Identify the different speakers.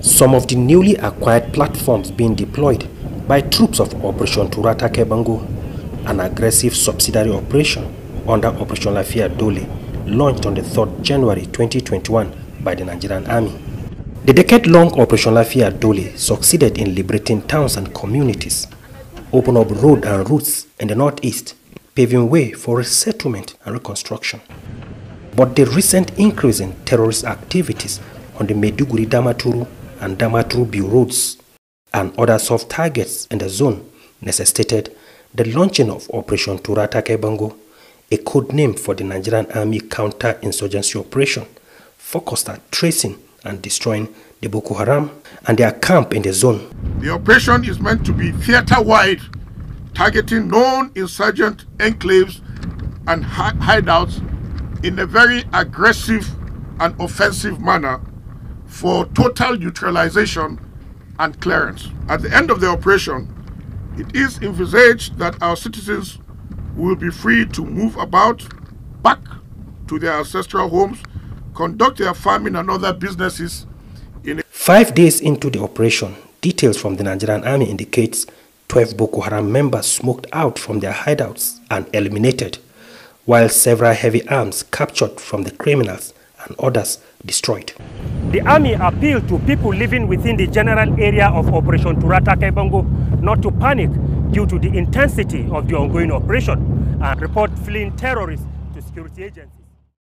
Speaker 1: some of the newly acquired platforms being deployed by troops of Operation Turata Kebango, an aggressive subsidiary operation under Operation Lafia Dole, launched on the 3rd January 2021 by the Nigerian Army. The decade-long Operation Lafia Dole succeeded in liberating towns and communities, open up road and routes in the northeast, paving way for resettlement and reconstruction. But the recent increase in terrorist activities on the Meduguri Damaturu and Damatrubi roads and other soft targets in the zone necessitated the launching of Operation Turatake Bango, a code name for the Nigerian Army counter-insurgency operation focused at tracing and destroying the Boko Haram and their camp in the zone.
Speaker 2: The operation is meant to be theater-wide, targeting known insurgent enclaves and hideouts in a very aggressive and offensive manner for total neutralization and clearance. At the end of the operation, it is envisaged that our citizens will be free to move about back to their ancestral homes, conduct their farming and other businesses.
Speaker 1: In Five days into the operation, details from the Nigerian army indicates 12 Boko Haram members smoked out from their hideouts and eliminated, while several heavy arms captured from the criminals and others destroyed.
Speaker 3: The army appealed to people living within the general area of Operation Turata Kaibongo not to panic due to the intensity of the ongoing operation and report fleeing terrorists to security agencies.